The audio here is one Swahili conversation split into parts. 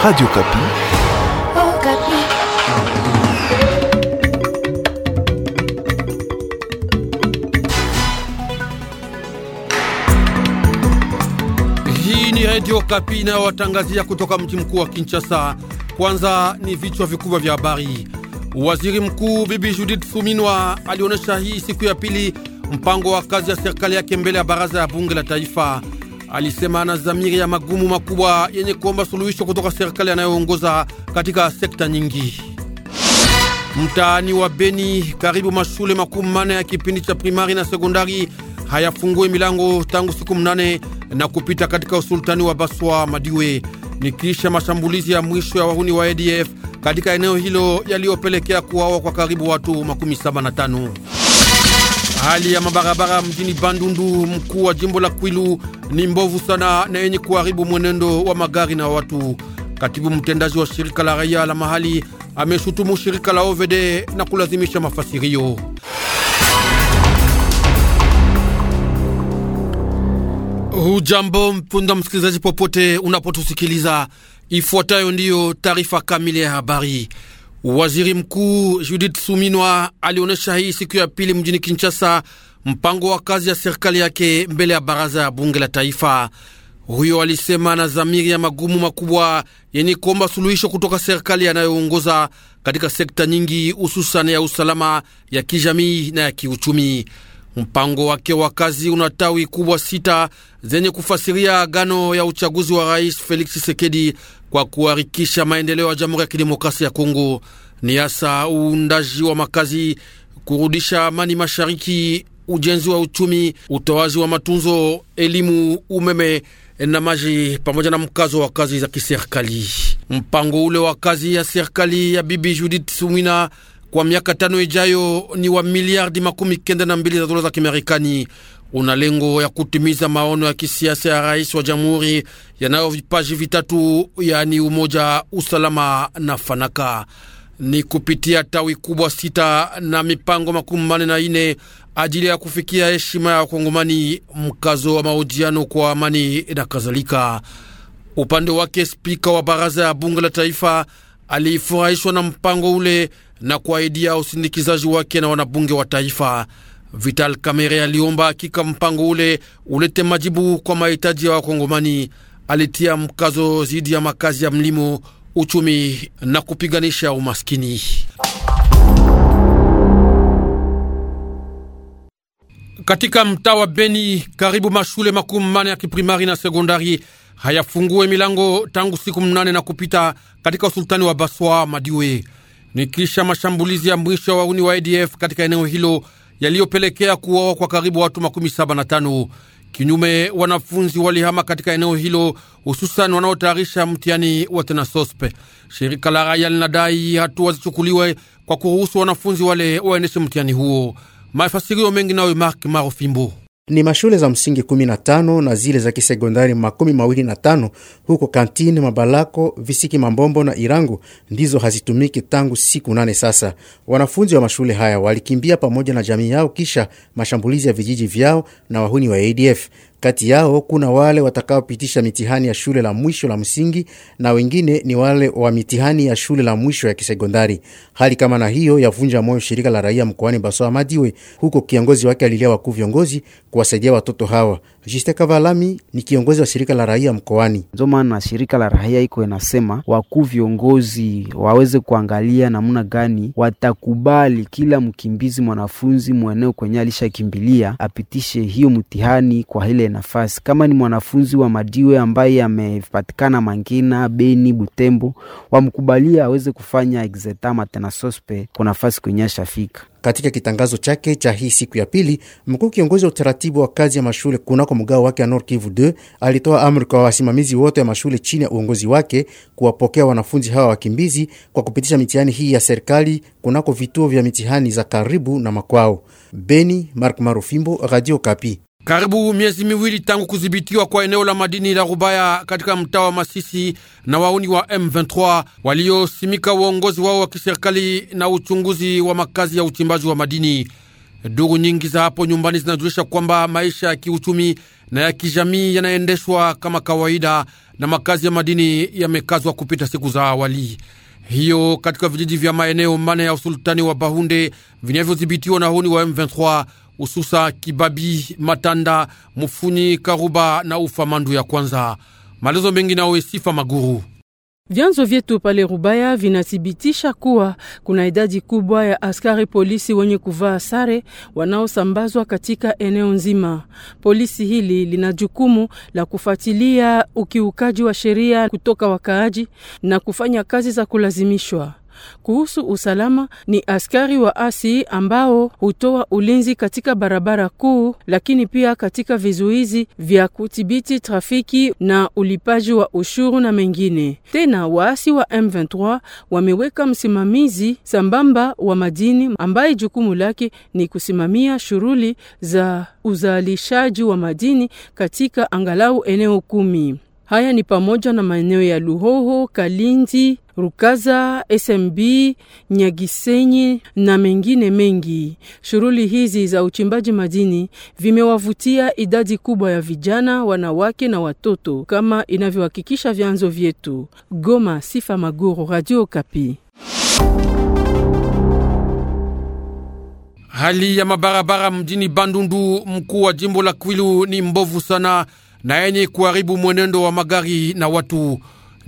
Radio Kapi. Oh, Kapi. Hii ni Radio Kapi inayowatangazia kutoka mji mkuu wa Kinshasa. Kwanza ni vichwa vikubwa vya habari. Waziri Mkuu Bibi Judith Suminwa alionyesha hii siku ya pili mpango wa kazi ya serikali yake mbele ya baraza ya bunge la taifa alisema ana zamiri ya magumu makubwa yenye kuomba suluhisho kutoka serikali anayoongoza katika sekta nyingi. Mtaani wa Beni, karibu mashule makumi mane ya kipindi cha primari na sekondari hayafungue milango tangu siku mnane na kupita katika usultani wa Baswa Madiwe ni kisha mashambulizi ya mwisho ya wahuni wa ADF katika eneo hilo yaliyopelekea kuwawa kwa karibu watu makumi saba na tano. Hali ya mabarabara mjini Bandundu, mkuu wa jimbo la Kwilu ni mbovu sana na yenye kuharibu mwenendo wa magari na watu. Katibu mtendaji wa shirika la raia la mahali ameshutumu shirika la OVD na kulazimisha mafasirio. Hujambo mpunda msikilizaji, popote unapotusikiliza, ifuatayo ndiyo taarifa kamili ya habari. Waziri Mkuu Judith Suminwa alionyesha hii siku ya pili mjini Kinshasa mpango wa kazi ya serikali yake mbele ya baraza ya bunge la taifa. Huyo alisema na zamiri ya magumu makubwa yenye kuomba suluhisho kutoka serikali yanayoongoza katika sekta nyingi, hususan ya usalama, ya kijamii na ya kiuchumi. Mpango wake wa kazi una tawi kubwa sita zenye kufasiria agano ya uchaguzi wa rais Felix Tshisekedi kwa kuharikisha maendeleo ya Jamhuri ya Kidemokrasia ya Kongo, ni hasa uundaji wa makazi, kurudisha amani mashariki, ujenzi wa uchumi, utoaji wa matunzo, elimu, umeme na maji, pamoja na mkazo wa kazi za kiserikali. Mpango ule wa kazi ya serikali ya Bibi Judith Sumwina kwa miaka tano ijayo ni wa miliardi makumi kenda na mbili za dola za Kimarekani. Una lengo ya kutimiza maono ya kisiasa ya rais wa jamhuri yanayo vipaji vitatu, yaani umoja, usalama na fanaka, ni kupitia tawi kubwa sita na mipango makumi manne na ine ajili ya kufikia heshima ya Wakongomani, mkazo wa mahojiano kwa amani na kadhalika. Upande wake, spika wa baraza ya bunge la taifa alifurahishwa na mpango ule na kuahidia usindikizaji wake na wanabunge wa taifa. Vital Kamerhe aliomba hakika mpango ule ulete majibu kwa mahitaji ya Wakongomani. Alitia mkazo dhidi ya makazi ya mlimo, uchumi na kupiganisha umaskini. katika mtaa wa Beni karibu mashule makumi mane ya kiprimari na sekondari hayafungue milango tangu siku mnane na kupita katika usultani wa Baswa Madiwe, ni kisha mashambulizi ya mwisho wa uni wa ADF katika eneo hilo yaliyopelekea kuuawa kwa karibu watu makumi saba na tano. Kinyume, wanafunzi walihama katika eneo hilo, hususan wanaotayarisha mtihani wa tenasospe. Shirika la raia linadai hatua zichukuliwe kwa kuruhusu wanafunzi wale waendeshe mtihani huo. Mafasirio mengi nawe Mark Marofimbo. ni mashule za msingi 15 na zile za kisekondari makumi mawili na tano huko Kantini, Mabalako, Visiki, Mambombo na Irangu ndizo hazitumiki tangu siku nane sasa. Wanafunzi wa mashule haya walikimbia pamoja na jamii yao kisha mashambulizi ya vijiji vyao na wahuni wa ADF. Kati yao kuna wale watakaopitisha mitihani ya shule la mwisho la msingi na wengine ni wale wa mitihani ya shule la mwisho ya kisekondari. Hali kama na hiyo yavunja moyo shirika la raia mkoani Basoa Madiwe, huko kiongozi wake alilia wakuu viongozi kuwasaidia watoto hawa. Justin Kavalami ni kiongozi wa shirika la raia mkoani. Ndio maana shirika la raia iko inasema wakuu viongozi waweze kuangalia namna gani watakubali kila mkimbizi mwanafunzi mweneo kwenye alishakimbilia apitishe hiyo mtihani kwa ile nafasi. Kama ni mwanafunzi wa Madiwe ambaye amepatikana Mangina, Beni, Butembo, wamkubalia aweze kufanya exetama tena sospe kwa nafasi kwenye ashafika. Katika kitangazo chake cha hii siku ya pili, mkuu kiongozi wa utaratibu wa kazi ya mashule kunako mgao wake ya Nord Kivu 2 alitoa amri kwa wasimamizi wote wa mashule chini ya uongozi wake kuwapokea wanafunzi hawa wakimbizi kwa kupitisha mitihani hii ya serikali kunako vituo vya mitihani za karibu na makwao. Beni, Mark Marufimbo, Radio Kapi. Karibu miezi miwili tangu kudhibitiwa kwa eneo la madini la Rubaya katika mtaa wa Masisi na wauni wa M23 waliosimika uongozi wao wa kiserikali na uchunguzi wa makazi ya uchimbaji wa madini. Duru nyingi za hapo nyumbani zinajulisha kwamba maisha ya kiuchumi na ya kijamii yanaendeshwa kama kawaida na makazi ya madini yamekazwa kupita siku za awali hiyo katika vijiji vya maeneo mane ya usultani wa Bahunde vinavyodhibitiwa na wauni wa M23 hususa Kibabi, Matanda, Mufuni, Karuba na Ufa Mandu ya kwanza. Malezo mengi nawe sifa Maguru. Vyanzo vyetu pale Rubaya vinathibitisha kuwa kuna idadi kubwa ya askari polisi wenye kuvaa sare wanaosambazwa katika eneo nzima. Polisi hili lina jukumu la kufuatilia ukiukaji wa sheria kutoka wakaaji na kufanya kazi za kulazimishwa kuhusu usalama ni askari wa asi ambao hutoa ulinzi katika barabara kuu, lakini pia katika vizuizi vya kudhibiti trafiki na ulipaji wa ushuru na mengine. Tena waasi wa M23 wameweka msimamizi sambamba wa madini ambaye jukumu lake ni kusimamia shughuli za uzalishaji wa madini katika angalau eneo kumi. Haya ni pamoja na maeneo ya Luhoho, Kalindi, Rukaza, SMB, Nyagisenyi na mengine mengi. Shughuli hizi za uchimbaji madini vimewavutia idadi kubwa ya vijana, wanawake na watoto kama inavyohakikisha vyanzo vyetu. Goma, Sifa Maguru, Radio Kapi. Hali ya mabarabara mjini Bandundu, mkuu wa jimbo la Kwilu, ni mbovu sana na yenye kuharibu mwenendo wa magari na watu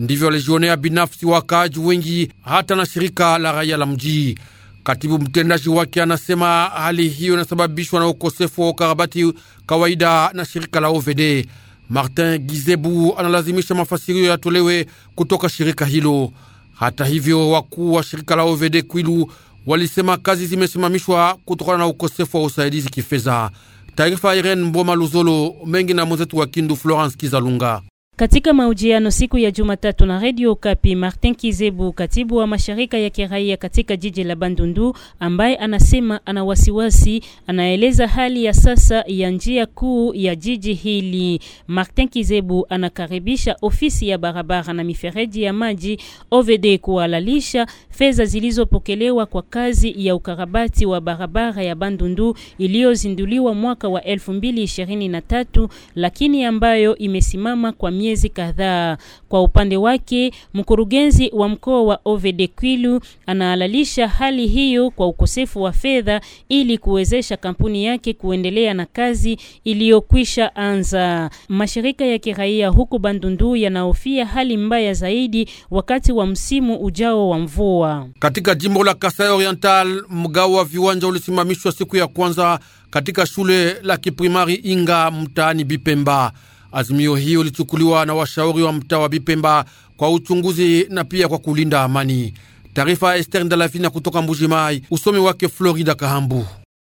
ndivyo walijionea binafsi wakaaji wengi, hata na shirika la raia la mji. Katibu mtendaji wake anasema hali hiyo inasababishwa na ukosefu wa ukarabati kawaida na shirika la OVD. Martin Gizebu analazimisha mafasirio yatolewe kutoka shirika hilo. Hata hivyo, wakuu wa shirika la OVD Kwilu walisema kazi zimesimamishwa kutokana na ukosefu wa usaidizi kifedha. Taarifa Irene Mboma Luzolo mengi na mwenzetu wa Kindu Florence Kizalunga. Katika mahojiano siku ya Jumatatu na Radio Kapi, Martin Kizebu, katibu wa mashirika ya kiraia katika jiji la Bandundu, ambaye anasema ana wasiwasi, anaeleza hali ya sasa ya njia kuu ya jiji hili. Martin Kizebu anakaribisha ofisi ya barabara na mifereji ya maji OVD kuhalalisha fedha zilizopokelewa kwa kazi ya ukarabati wa barabara ya Bandundu iliyozinduliwa mwaka wa 2023 lakini ambayo imesimama kwa miezi kadhaa. Kwa upande wake, mkurugenzi wa mkoa wa OVD Kwilu anaalalisha hali hiyo kwa ukosefu wa fedha ili kuwezesha kampuni yake kuendelea na kazi iliyokwisha anza. Mashirika ya kiraia huko Bandundu yanahofia hali mbaya zaidi wakati wa msimu ujao wa mvua. Katika jimbo la Kasai Oriental, mgao wa viwanja ulisimamishwa siku ya kwanza katika shule la kiprimari Inga mtaani Bipemba. Azimio hiyo ilichukuliwa na washauri wa mtaa wa Bipemba kwa uchunguzi na pia kwa kulinda amani. Taarifa ya Ester Ndalafina kutoka mai usomi wake Florida Kahambu.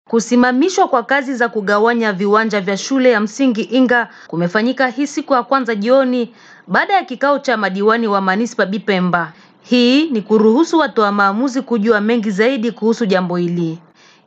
Kusimamishwa kwa kazi za kugawanya viwanja vya shule ya msingi Inga kumefanyika hii siku ya kwanza jioni baada ya kikao cha madiwani wa manispa Bipemba. Hii ni kuruhusu wa maamuzi kujua mengi zaidi kuhusu jambo hili.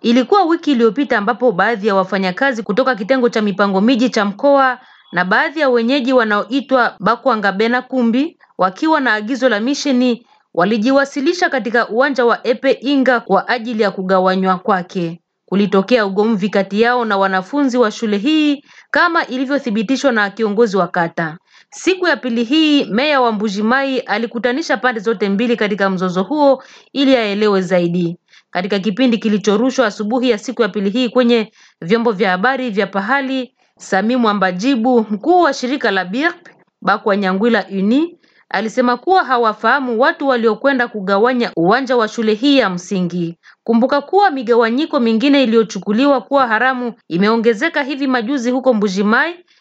Ilikuwa wiki iliyopita ambapo baadhi ya wafanyakazi kutoka kitengo cha mipango miji cha mkoa na baadhi ya wenyeji wanaoitwa Bakwangabena Kumbi wakiwa na agizo la misheni walijiwasilisha katika uwanja wa Epe Inga kwa ajili ya kugawanywa kwake. Kulitokea ugomvi kati yao na wanafunzi wa shule hii kama ilivyothibitishwa na kiongozi wa kata. Siku ya pili hii meya wa Mbujimai alikutanisha pande zote mbili katika mzozo huo ili aelewe zaidi. Katika kipindi kilichorushwa asubuhi ya siku ya pili hii kwenye vyombo vya habari vya pahali, Samimu Ambajibu, mkuu wa shirika la BIRP Bakwa Nyangwila Uni, alisema kuwa hawafahamu watu waliokwenda kugawanya uwanja wa shule hii ya msingi. Kumbuka kuwa migawanyiko mingine iliyochukuliwa kuwa haramu imeongezeka hivi majuzi huko mbuji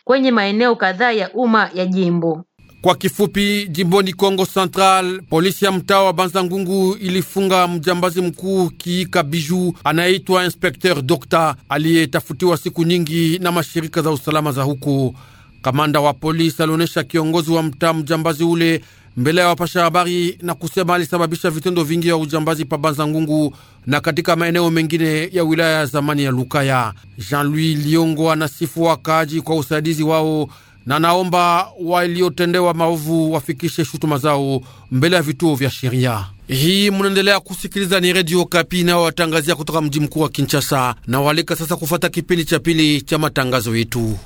kwenye maeneo kadhaa ya umma ya jimbo. Kwa kifupi, jimboni Kongo Central, polisi ya mtaa wa Banza Ngungu ilifunga mjambazi mkuu Kiika Biju anayeitwa Inspekteur Dokta aliyetafutiwa siku nyingi na mashirika za usalama za huku Kamanda wa polisi alionyesha kiongozi wa mtaa mjambazi ule mbele ya wapasha habari na kusema alisababisha vitendo vingi vya ujambazi pa Banza Ngungu na katika maeneo mengine ya wilaya ya zamani ya Lukaya. Jean-Louis Liongo anasifu wakaaji kwa usaidizi wao na naomba waliotendewa maovu wafikishe shutuma zao mbele ya vituo vya sheria. Hii munaendelea kusikiliza ni Redio Kapi inayowatangazia kutoka mji mkuu wa Kinshasa na walika sasa kufata kipindi cha pili cha matangazo yetu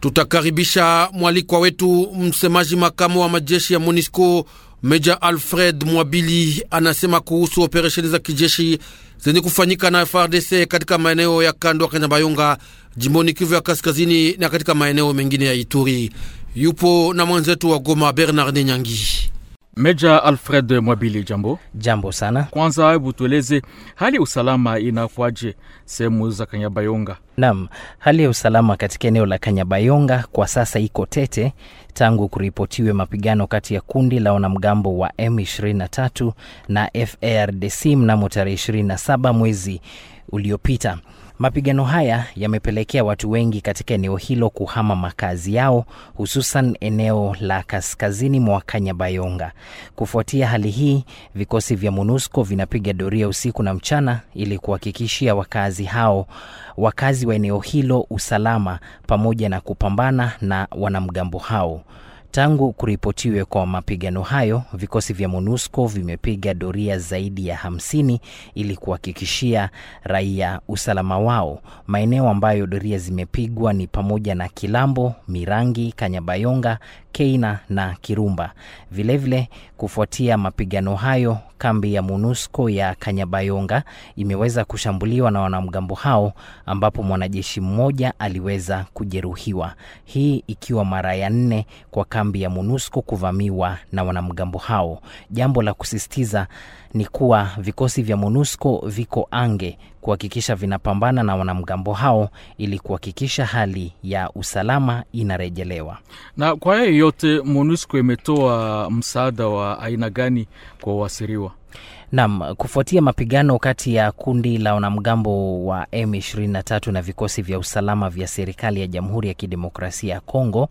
Tutakaribisha mwalikwa wetu msemaji makamu wa majeshi ya MONUSCO Meja Alfred Mwabili anasema kuhusu operesheni za kijeshi zenye kufanyika na frdc katika maeneo ya kando ya Kanyabayonga jimboni Kivu ya kaskazini na katika maeneo mengine ya Ituri. Yupo na mwenzetu wa Goma Bernard Nyangi. Meja Alfred Mwabili, jambo. Jambo sana. Kwanza hebu tueleze hali ya usalama inakuwaje sehemu za Kanyabayonga? Naam, hali ya usalama katika eneo la Kanyabayonga kwa sasa iko tete tangu kuripotiwe mapigano kati ya kundi la wanamgambo wa M23 na FARDC mnamo tarehe 27 mwezi uliopita. Mapigano haya yamepelekea watu wengi katika eneo hilo kuhama makazi yao, hususan eneo la kaskazini mwa Kanyabayonga. Kufuatia hali hii, vikosi vya MONUSCO vinapiga doria usiku na mchana ili kuhakikishia wakazi hao, wakazi wa eneo hilo usalama pamoja na kupambana na wanamgambo hao. Tangu kuripotiwe kwa mapigano hayo, vikosi vya MONUSCO vimepiga doria zaidi ya hamsini ili kuhakikishia raia usalama wao. Maeneo ambayo doria zimepigwa ni pamoja na Kilambo, Mirangi, Kanyabayonga, Keina na Kirumba. Vilevile vile, kufuatia mapigano hayo, kambi ya munusco ya Kanyabayonga imeweza kushambuliwa na wanamgambo hao, ambapo mwanajeshi mmoja aliweza kujeruhiwa, hii ikiwa mara ya nne kwa kambi ya munusco kuvamiwa na wanamgambo hao, jambo la kusisitiza ni kuwa vikosi vya MONUSCO viko ange kuhakikisha vinapambana na wanamgambo hao ili kuhakikisha hali ya usalama inarejelewa. Na kwa hayo yote, MONUSCO imetoa msaada wa aina gani kwa uasiriwa Nam, kufuatia mapigano kati ya kundi la wanamgambo wa M23 na vikosi vya usalama vya serikali ya Jamhuri ya Kidemokrasia ya Kongo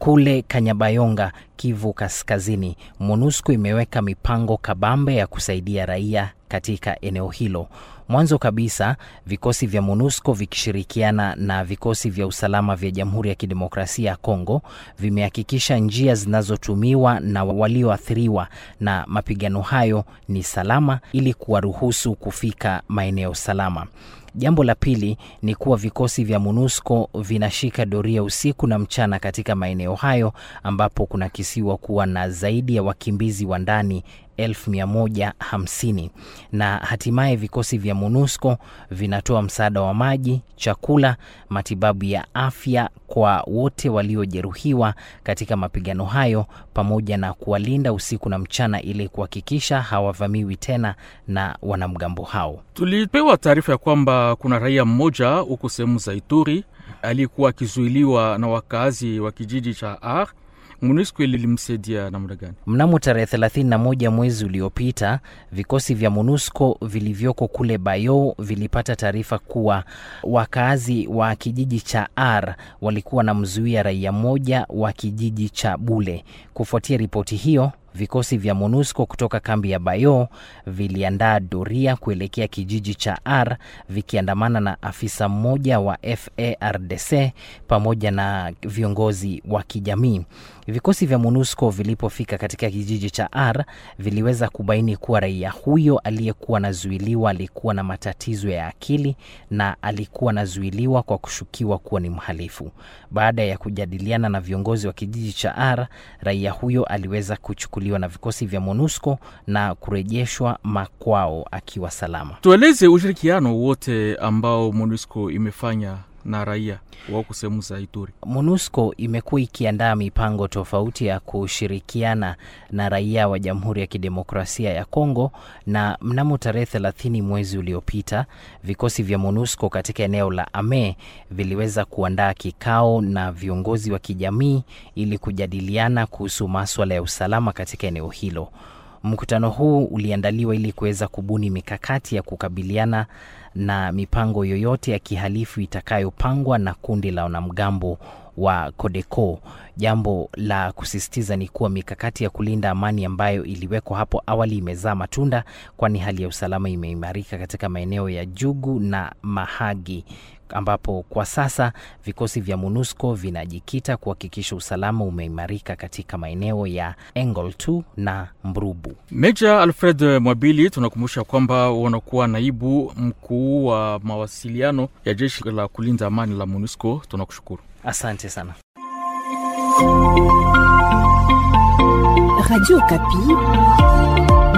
kule Kanyabayonga, Kivu Kaskazini, MONUSCO imeweka mipango kabambe ya kusaidia raia katika eneo hilo. Mwanzo kabisa, vikosi vya MONUSCO vikishirikiana na vikosi vya usalama vya Jamhuri ya Kidemokrasia ya Kongo vimehakikisha njia zinazotumiwa na walioathiriwa na mapigano hayo ni salama ili kuwaruhusu kufika maeneo salama. Jambo la pili ni kuwa vikosi vya MONUSCO vinashika doria usiku na mchana katika maeneo hayo ambapo kunakisiwa kuwa na zaidi ya wakimbizi wa ndani 150 na hatimaye vikosi vya MONUSCO vinatoa msaada wa maji, chakula, matibabu ya afya kwa wote waliojeruhiwa katika mapigano hayo pamoja na kuwalinda usiku na mchana ili kuhakikisha hawavamiwi tena na wanamgambo hao. Tulipewa taarifa ya kwamba kuna raia mmoja huko sehemu za Ituri aliyekuwa akizuiliwa na wakazi wa kijiji cha Ar MONUSCO lilimsaidia namna gani? Mnamo tarehe 31 mwezi uliopita, vikosi vya MONUSCO vilivyoko kule Bayo vilipata taarifa kuwa wakazi wa kijiji cha R walikuwa na mzuia raia mmoja wa kijiji cha Bule. Kufuatia ripoti hiyo Vikosi vya MONUSCO kutoka kambi ya Bayo viliandaa doria kuelekea kijiji cha R vikiandamana na afisa mmoja wa FARDC pamoja na viongozi wa kijamii. Vikosi vya MONUSCO vilipofika katika kijiji cha R viliweza kubaini kuwa raia huyo aliyekuwa anazuiliwa alikuwa na matatizo ya akili na alikuwa anazuiliwa kwa kushukiwa kuwa ni mhalifu. Baada ya kujadiliana na viongozi wa kijiji cha R, raia huyo aliweza kuchukuliwa na vikosi vya MONUSCO na kurejeshwa makwao akiwa salama. Tueleze ushirikiano wote ambao MONUSCO imefanya na raia wako sehemu za Ituri. MONUSCO imekuwa ikiandaa mipango tofauti ya kushirikiana na raia wa Jamhuri ya Kidemokrasia ya Kongo, na mnamo tarehe 30 mwezi uliopita vikosi vya MONUSCO katika eneo la Ame viliweza kuandaa kikao na viongozi wa kijamii ili kujadiliana kuhusu maswala ya usalama katika eneo hilo. Mkutano huu uliandaliwa ili kuweza kubuni mikakati ya kukabiliana na mipango yoyote ya kihalifu itakayopangwa na kundi la wanamgambo wa Codeco. Jambo la kusisitiza ni kuwa mikakati ya kulinda amani ambayo iliwekwa hapo awali imezaa matunda, kwani hali ya usalama imeimarika katika maeneo ya Jugu na Mahagi ambapo kwa sasa vikosi vya MONUSCO vinajikita kuhakikisha usalama umeimarika katika maeneo ya Engol 2 na Mbrubu. Meja Alfred Mwabili, tunakumbusha kwamba wanakuwa naibu mkuu wa mawasiliano ya jeshi la kulinda amani la MONUSCO. Tunakushukuru, asante sana. Radio Kapi,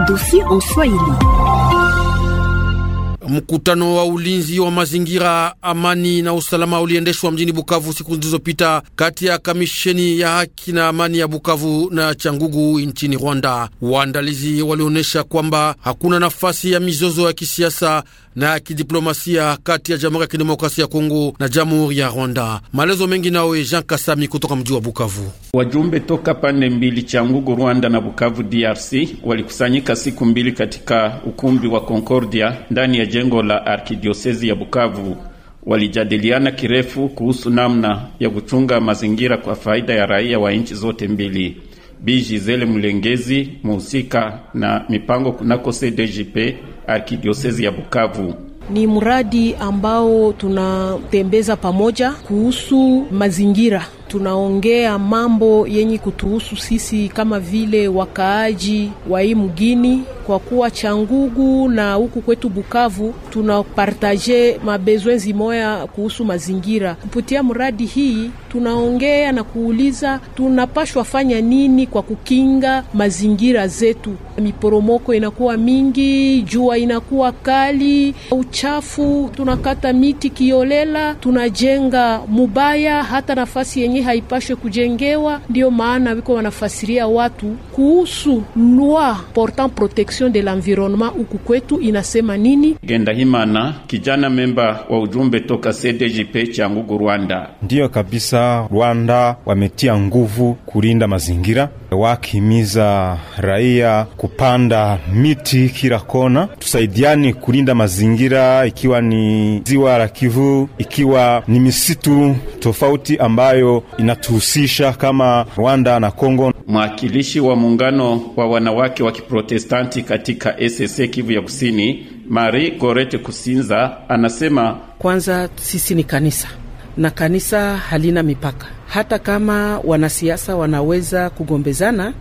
dosi en Swahili. Mkutano wa ulinzi wa mazingira, amani na usalama uliendeshwa mjini Bukavu siku zilizopita kati ya kamisheni ya haki na amani ya Bukavu na Changugu nchini Rwanda. Waandalizi walionyesha kwamba hakuna nafasi ya mizozo ya kisiasa na ya kidiplomasia kati ya Jamhuri ya Kidemokrasia ya Kongo na Jamhuri ya Rwanda. Maelezo mengi nawe Jean Kasami kutoka mji wa Bukavu. Wajumbe toka pande mbili Changugu Rwanda na Bukavu DRC walikusanyika siku mbili katika ukumbi wa Concordia ndani ya jengo la Arkidiosezi ya Bukavu. Walijadiliana kirefu kuhusu namna ya kuchunga mazingira kwa faida ya raia wa nchi zote mbili. Bi Gisele Mulengezi, muhusika na mipango kunako CDJP arkidiosezi ya Bukavu. Ni mradi ambao tunatembeza pamoja kuhusu mazingira tunaongea mambo yenye kutuhusu sisi kama vile wakaaji wa hii mgini, kwa kuwa Changugu na huku kwetu Bukavu tunapartaje mabezwezi moya kuhusu mazingira. Kupitia mradi hii tunaongea na kuuliza tunapashwa fanya nini kwa kukinga mazingira zetu. Miporomoko inakuwa mingi, jua inakuwa kali, uchafu, tunakata miti kiolela, tunajenga mubaya hata nafasi yenye haipashwe haipashe kujengewa. Ndio maana wiko wanafasiria watu kuhusu loi portant protection de l'environnement huku kwetu inasema nini. genda himana kijana memba wa ujumbe toka CDJP Changugu Rwanda. Ndiyo kabisa, Rwanda wametia nguvu kulinda mazingira wakihimiza raia kupanda miti kila kona, tusaidiani kulinda mazingira, ikiwa ni ziwa la Kivu, ikiwa ni misitu tofauti ambayo inatuhusisha kama Rwanda na Kongo. Mwakilishi wa muungano wa wanawake wa Kiprotestanti katika ss Kivu ya Kusini, Marie Gorete Kusinza, anasema kwanza, sisi ni kanisa na kanisa halina mipaka. Hata kama wanasiasa wanaweza kugombezana,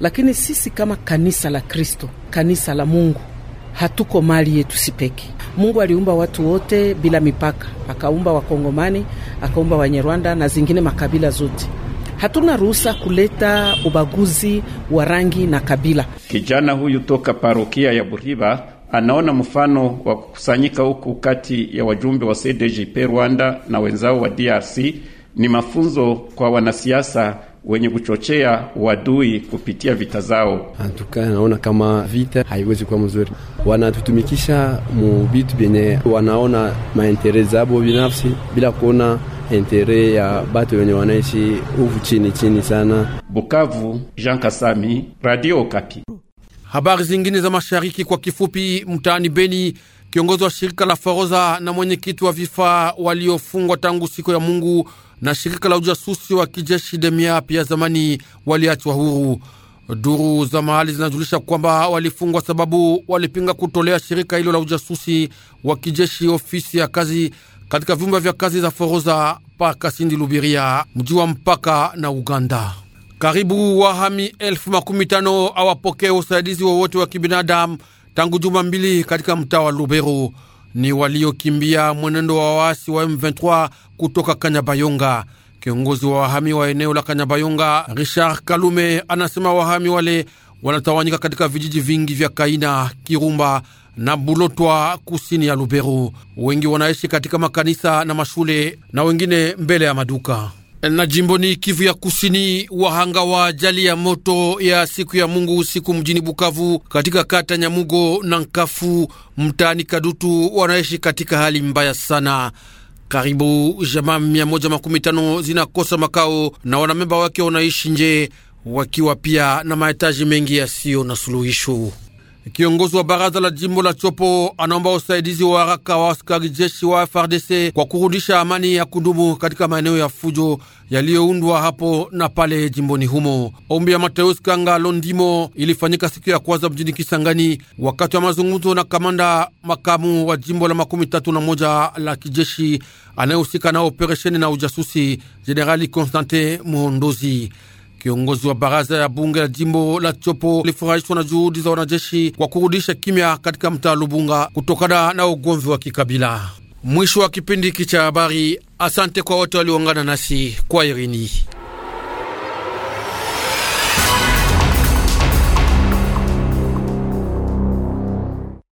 lakini sisi kama kanisa la Kristo, kanisa la Mungu, hatuko mali yetu sipeki. Mungu aliumba watu wote bila mipaka, akaumba Wakongomani, akaumba Wanyarwanda na zingine makabila zote. Hatuna ruhusa kuleta ubaguzi wa rangi na kabila. Kijana huyu toka parokia ya Buriba anaona mfano wa kukusanyika huku kati ya wajumbe wa cdgp Rwanda na wenzao wa DRC ni mafunzo kwa wanasiasa wenye kuchochea wadui kupitia vita zao. Antuka naona kama vita haiwezi kuwa mzuri, wanatutumikisha mu vitu vyenye wanaona maentere zabo binafsi bila kuona entere ya batu wenye wanaishi huku chini chini sana. Bukavu, Jean Kasami, Radio Okapi. Habari zingine za mashariki kwa kifupi. Mtaani Beni, kiongozi wa shirika la Faroza na mwenyekiti wa vifaa waliofungwa tangu siku ya Mungu na shirika la ujasusi wa kijeshi Demia pia zamani waliachwa huru. Duru za mahali zinajulisha kwamba walifungwa sababu walipinga kutolea shirika hilo la ujasusi wa kijeshi ofisi ya kazi katika vyumba vya kazi za Foroza pa Kasindi Lubiria, mji wa mpaka na Uganda. Karibu wahami elfu makumi tano awapokee usaidizi wowote wa, wa kibinadamu tangu juma mbili katika mtaa wa Lubero ni waliokimbia mwenendo wa waasi wa M23 kutoka Kanyabayonga. Kiongozi wa wahami wa eneo la Kanyabayonga, Richard Kalume, anasema wahami wale wanatawanyika katika vijiji vingi vya Kaina, Kirumba na Bulotwa kusini ya Luberu. Wengi wanaishi katika makanisa na mashule na wengine mbele ya maduka na jimboni Kivu ya Kusini, wahanga wa ajali ya moto ya siku ya Mungu usiku mjini Bukavu katika kata Nyamugo na Nkafu mtaani Kadutu wanaishi katika hali mbaya sana. Karibu jamaa 115 zinakosa makao na wanamemba wake wanaishi nje, wakiwa pia na mahitaji mengi yasiyo na suluhisho. Kiongozi wa baraza la jimbo la Chopo anaomba usaidizi wa haraka wa askari jeshi wa frdc kwa kurudisha amani ya kudumu katika maeneo ya fujo yaliyoundwa hapo na pale jimboni humo. Ombi ya Mateus Kanga Londimo ilifanyika siku ya kwanza mjini Kisangani wakati wa mazungumzo na kamanda makamu wa jimbo la makumi tatu na moja la kijeshi anayehusika na operesheni na ujasusi Jenerali Constantin Muhondozi. Kiongozi wa baraza ya bunge la jimbo la Chopo lifurahishwa na juhudi za wanajeshi kwa kurudisha kimya katika mtaa Lubunga kutokana na ugomvi wa kikabila. Mwisho wa kipindi hiki cha habari. Asante kwa wote walioungana nasi kwa Irini.